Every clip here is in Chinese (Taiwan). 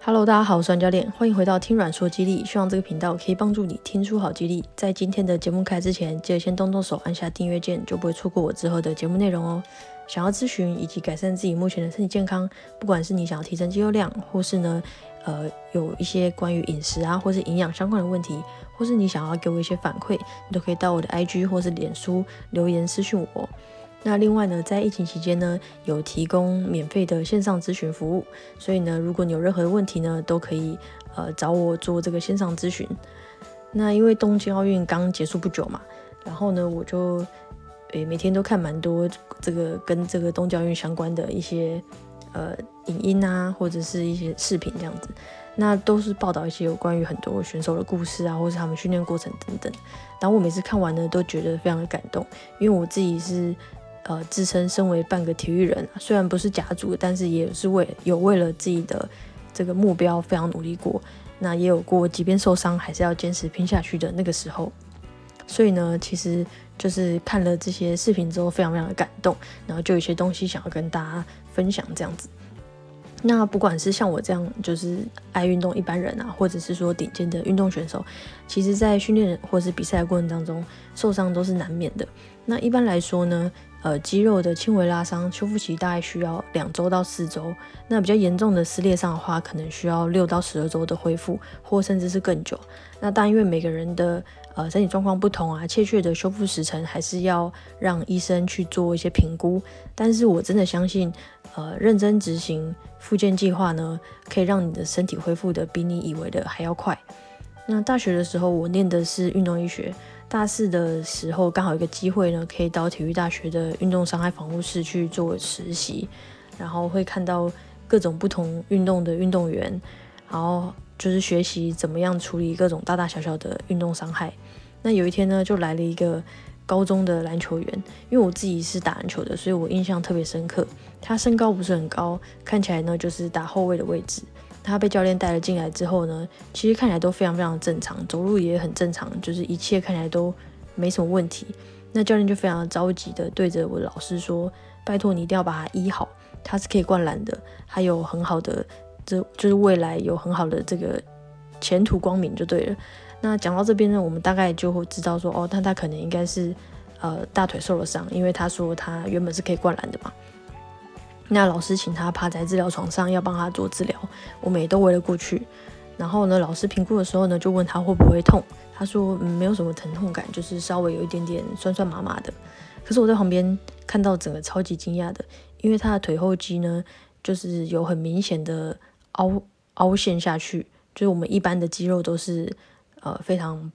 Hello，大家好，我是軟教練，歡迎回到聽軟說肌力，希望這個頻道可以幫助你聽出好肌力。在今天的節目開始之前，記得先動動手按下訂閱鍵，就不會錯過我之後的節目內容哦。想要諮詢以及改善自己目前的身體健康，不管是你想要提升肌肉量，或是呢，呃，有一些關於飲食啊，或是營養相關的問題，或是你想要給我一些反饋，你都可以到我的 IG 或是臉書留言私訊我哦。那另外呢，在疫情期間呢，有提供免費的線上諮詢服務，所以呢，如果你有任何的問題呢，都可以呃找我做這個線上諮詢。那因為東京奧運剛結束不久嘛，然後呢，我就誒、欸、每天都看蠻多這個跟這個東京奧運相關的一些呃影音啊，或者是一些視頻這樣子，那都是報道一些有關於很多選手的故事啊，或是他們訓練過程等等。然後我每次看完呢，都覺得非常的感動，因為我自己是。呃，自稱身為半個體育人，雖然不是甲組，但是也是為有為了自己的這個目標非常努力過。那也有過即便受傷還是要堅持拼下去的那個時候。所以呢，其實就是看了這些視頻之後，非常非常的感動，然後就有些東西想要跟大家分享這樣子。那不管是像我這樣就是愛運動一般人啊，或者是說頂尖的運動選手，其實，在訓練或是比賽過程當中，受傷都是難免的。那一般來說呢，呃，肌肉的輕微拉傷，修復期大概需要兩周到四周；那比較嚴重的撕裂傷的話，可能需要六到十二周的恢復，或甚至是更久。那但因為每個人的呃，身體狀況不同啊，確切的修復時程還是要讓醫生去做一些評估。但是我真的相信，呃，認真執行復健計劃呢，可以讓你的身體恢復的比你以為的還要快。那大學的時候，我念的是運動醫學，大四的時候剛好有個機會呢，可以到體育大學的運動傷害防護室去做實習，然後會看到各種不同運動的運動員，然後。就是學習怎麼樣處理各種大大小小的運動傷害。那有一天呢，就來了一個高中的籃球員，因為我自己是打籃球的，所以我印象特別深刻。他身高不是很高，看起來呢就是打後衛的位置。他被教練帶了進來之後呢，其實看起來都非常非常正常，走路也很正常，就是一切看起來都沒什麼問題。那教練就非常着急地對着我老師說：“拜托你一定要把他醫好，他是可以灌籃的，還有很好的。”這就是未來有很好的這個前途光明就對了。那講到這邊呢，我們大概就會知道說，哦，那他可能應該是呃大腿受了傷，因為他說他原本是可以灌籃的嘛。那老師請他趴在治療床上要幫他做治療，我們也都圍了過去。然後呢，老師評估的時候呢，就問他會不會痛，他說，嗯，沒有什麼疼痛感，就是稍微有一點點酸酸麻麻的。可是我在旁邊看到整個超級驚訝的，因為他的腿後肌呢，就是有很明顯的。凹凹陷下去，就是我們一般的肌肉都是呃非常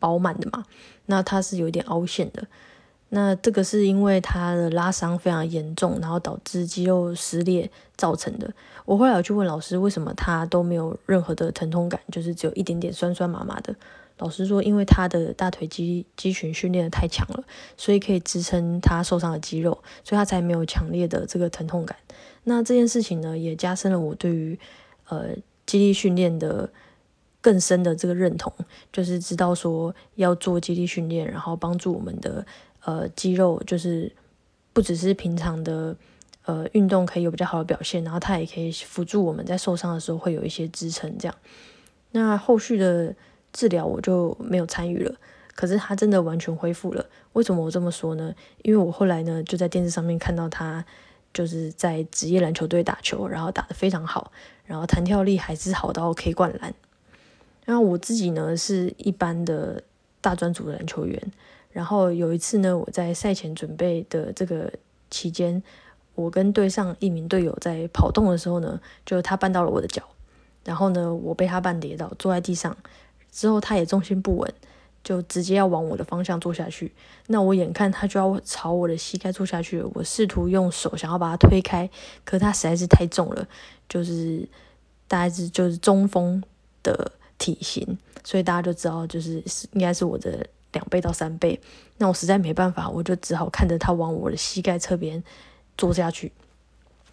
飽滿的嘛，那它是有點凹陷的。那這個是因為它的拉傷非常嚴重，然後導致肌肉撕裂造成的。我後來我去問老師，為什麼他都沒有任何的疼痛感，就是只有一點點酸酸麻麻的。老師說，因為他的大腿肌肌群訓練得太強了，所以可以支撐他受傷的肌肉，所以他才沒有強烈的這個疼痛感。那這件事情呢，也加深了我對於呃，肌力訓練的更深的這個認同，就是知道說要做肌力訓練，然後幫助我們的呃肌肉，就是不只是平常的呃運動可以有比較好的表現，然後他也可以輔助我們在受傷的時候會有一些支撐。這樣，那後續的治療我就沒有參與了。可是他真的完全恢復了。為什麼我這麼說呢？因為我後來呢就在電視上面看到他。就是在職業籃球隊打球，然後打得非常好，然後彈跳力還是好到可以灌籃。然後我自己呢是一般的大專組的籃球員。然後有一次呢，我在賽前準備的這個期間，我跟隊上一名隊友在跑動的時候呢，就他絆到了我的腳，然後呢我被他絆跌倒，坐在地上之後他也重心不穩。就直接要往我的方向坐下去，那我眼看他就要朝我的膝蓋坐下去，我試圖用手想要把他推開，可他實在是太重了，就是大概是就是中鋒的體型，所以大家就知道就是應該是我的兩倍到三倍，那我實在沒辦法，我就只好看着他往我的膝蓋側邊坐下去，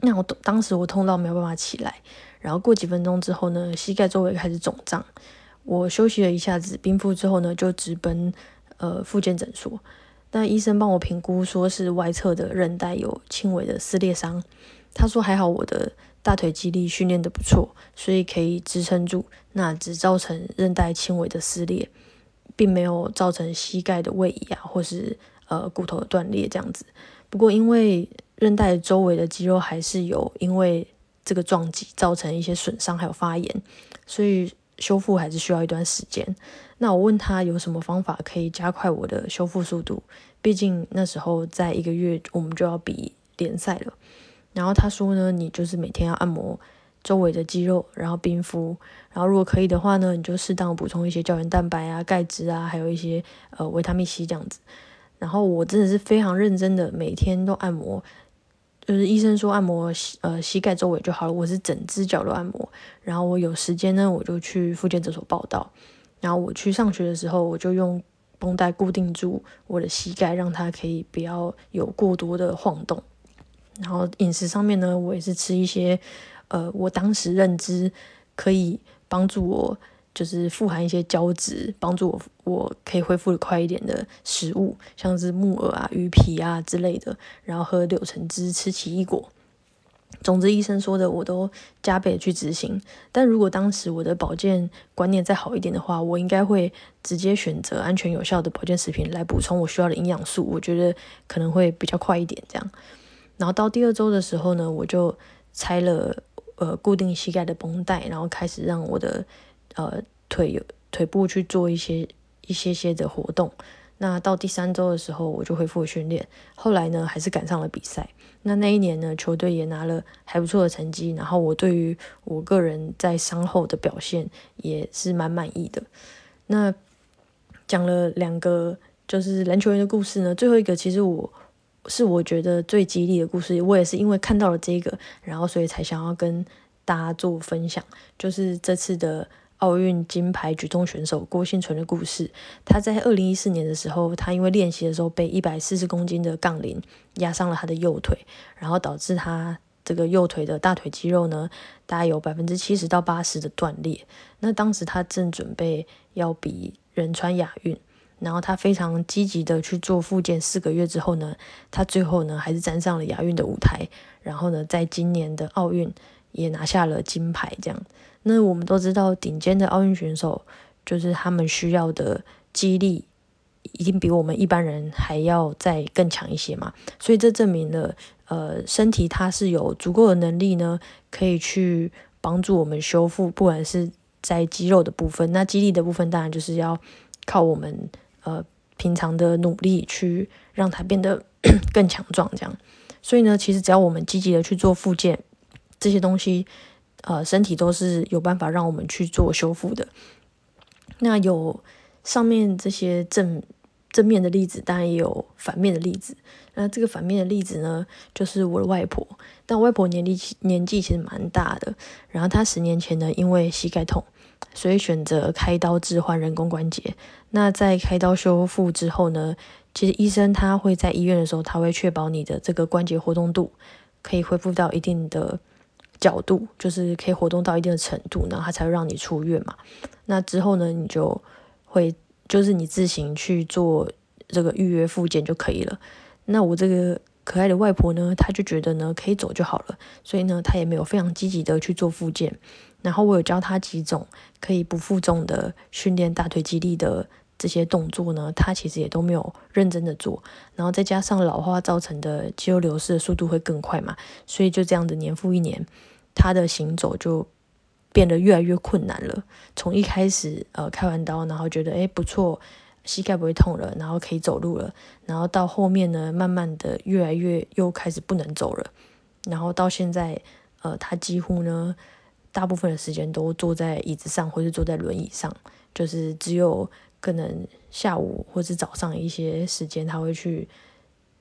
那我當時我痛到沒有辦法起來，然後過幾分鐘之後呢，膝蓋周圍開始腫脹。我休息了一下子，冰敷之後呢，就直奔呃復健診所。那醫生幫我評估，說是外側的韌帶有輕微的撕裂傷。他說還好我的大腿肌力訓練得不錯，所以可以支撐住。那只造成韌帶輕微的撕裂，並沒有造成膝蓋的位移啊，或是呃骨頭的斷裂這樣子。不過因為韌帶周圍的肌肉還是有因為這個撞擊造成一些損傷，還有發炎，所以，修復還是需要一段時間，那我問他有什麼方法可以加快我的修復速度？畢竟那時候在一個月，我們就要比聯賽了。然後他說呢，你就是每天要按摩周圍的肌肉，然後冰敷，然後如果可以的話呢，你就適當補充一些膠原蛋白啊、鈣質啊，還有一些呃維他命 C 這樣子。然後我真的是非常認真的，每天都按摩。就是醫生說，按摩膝呃膝蓋周圍就好了，我是整隻腳都按摩，然後我有時間呢，我就去復健診所報到，然後我去上學的時候，我就用繃帶固定住我的膝蓋，讓它可以不要有過多的晃動，然後飲食上面呢，我也是吃一些呃我當時認知可以幫助我。就是富含一些膠質，幫助我我可以恢復得快一點的食物，像是木耳啊、魚皮啊之類的，然後喝柳橙汁、吃奇異果。總之，醫生說的我都加倍去執行。但如果當時我的保健觀念再好一點的話，我應該會直接選擇安全有效的保健食品來補充我需要的營養素。我覺得可能會比較快一點這樣。然後到第二周的時候呢，我就拆了呃固定膝蓋的繃帶，然後開始讓我的。呃，腿有腿部去做一些一些些的活動。那到第三周的時候，我就恢復了訓練。後來呢，還是趕上了比賽。那那一年呢，球隊也拿了還不錯的成績。然後我對於我個人在傷後的表現也是蠻滿意的。那講了兩個就是籃球員的故事呢。最後一個其實我是我覺得最激勵的故事。我也是因為看到了這個，然後所以才想要跟大家做分享。就是這次的。奧運金牌舉重選手郭婞淳的故事，他在二零一四年的時候，他因為練習的時候被一百四十公斤的槓鈴壓傷了他的右腿，然後導致他這個右腿的大腿肌肉呢，大概有百分之七十到八十的斷裂。那當時他正準備要比仁川亞運，然後他非常積極的去做復健，四個月之後呢，他最後呢還是站上了亞運的舞台，然後呢在今年的奧運也拿下了金牌，這樣。那我們都知道，頂尖的奧運選手就是他們需要的肌力，一定比我們一般人還要再更強一些嘛。所以這證明了，呃，身體它是有足夠的能力呢，可以去幫助我們修復，不管是在肌肉的部分，那肌力的部分當然就是要靠我們，呃，平常的努力去讓它變得 更強壯這樣。所以呢，其實只要我們積極的去做復健這些東西。呃，身體都是有辦法讓我們去做修復的。那有上面這些正正面的例子，當然也有反面的例子。那這個反面的例子呢，就是我的外婆。但我外婆年紀年紀其實蠻大的，然後她十年前呢，因為膝蓋痛，所以選擇開刀置換人工關節。那在開刀修復之後呢，其實醫生他會在醫院的時候，他會確保你的這個關節活動度可以恢復到一定的。角度，就是可以活動到一定的程度，然後他才會讓你出院嘛。那之後呢，你就會就是你自行去做這個預約復健就可以了。那我這個可愛的外婆呢，她就覺得呢可以走就好了，所以呢她也沒有非常積極的去做復健。然後我有教她幾種可以不負重的訓練大腿肌力的這些動作呢，她其實也都沒有認真的做。然後再加上老化造成的肌肉流失的速度會更快嘛，所以就這樣子年復一年。他的行走就變得越來越困難了。從一開始，呃，開完刀然後覺得誒、欸、不錯，膝蓋不會痛了，然後可以走路了。然後到後面呢，慢慢的越來越又開始不能走了。然後到現在，呃，他幾乎呢，大部分的時間都坐在椅子上，或是坐在輪椅上，就是只有可能下午或是早上一些時間，他會去，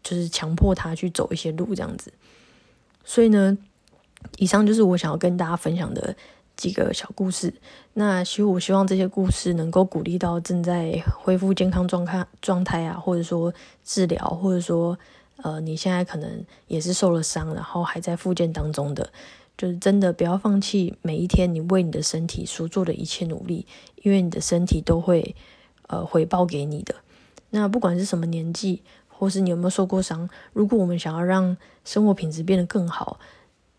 就是強迫他去走一些路這樣子。所以呢。以上就是我想要跟大家分享的幾個小故事。那其實我希望這些故事能夠鼓勵到正在恢復健康狀態、狀態啊，或者說治療，或者說呃，你現在可能也是受了傷，然後還在復健當中的，就是真的不要放棄每一天你為你的身體所做的一切努力，因為你的身體都會呃回報給你的。那不管是什麼年紀，或是你有沒有受過傷，如果我們想要讓生活品質變得更好，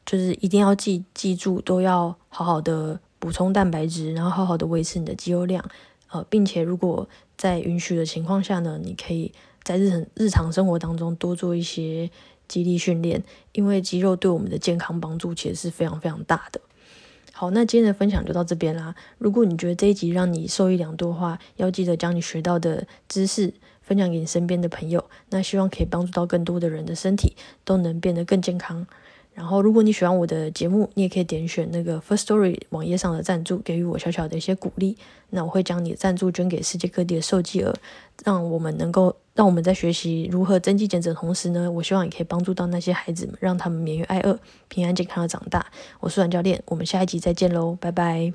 就是一定要記記住，都要好好的補充蛋白質，然後好好的維持你的肌肉量，呃，並且如果在允許的情況下呢，你可以在日常日常生活當中多做一些肌力訓練，因為肌肉對我們的健康幫助其實是非常非常大的。好，那今天的分享就到這邊啦。如果你覺得這一集讓你受益良多的話，要記得將你學到的知識分享給你身邊的朋友，那希望可以幫助到更多的人的身體都能變得更健康。然後，如果你喜歡我的節目，你也可以點選那個 First Story 網頁上的贊助，給予我小小的一些鼓勵。那我會將你的贊助捐給世界各地的受飢兒，讓我們能夠讓我們在學習如何增肌減脂的同時呢，我希望也可以幫助到那些孩子們，讓他們免於挨餓，平安健康的長大。我是阮教練，我們下一集再見嘍，拜拜。